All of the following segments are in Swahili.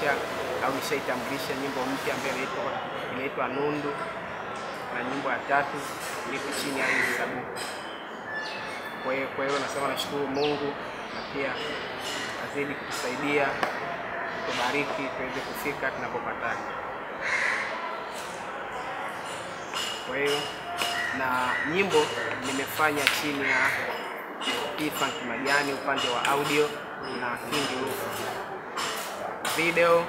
imeitambulisha au nishaitambulisha nyimbo mpya ambayo inaitwa Nundu na nyimbo ya tatu liko chini ya hizi sabuku. Kwa hiyo kwa hiyo nasema nashukuru Mungu na pia azidi kutusaidia kubariki tuweze kufika tunapopataka. Kwa hiyo na nyimbo nimefanya chini ya Frank Majani upande wa audio na King Lufa video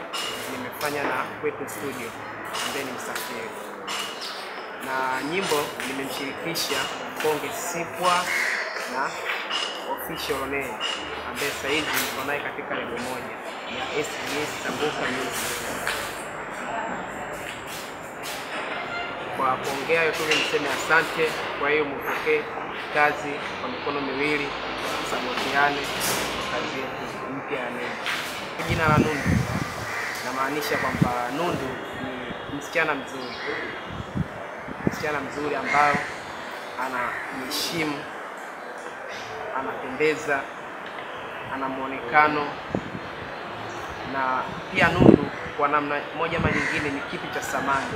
nimefanya na kwetu Studio ambaye ni Msafiri, na nyimbo nimemshirikisha Konge Sipwa na Official One ambaye sasa hivi niko naye katika lebo moja ya SBS Tambuka Music. Kwa kuongea yote niseme asante. Kwa hiyo mpokee kazi kwa mikono miwili, samotiane kazi yetu mpya ya kwa jina la Nundu, namaanisha kwamba Nundu ni msichana mzuri, msichana mzuri ana anaheshimu, anapendeza, ana muonekano na pia Nundu kwa namna moja ama nyingine ni kitu cha samani.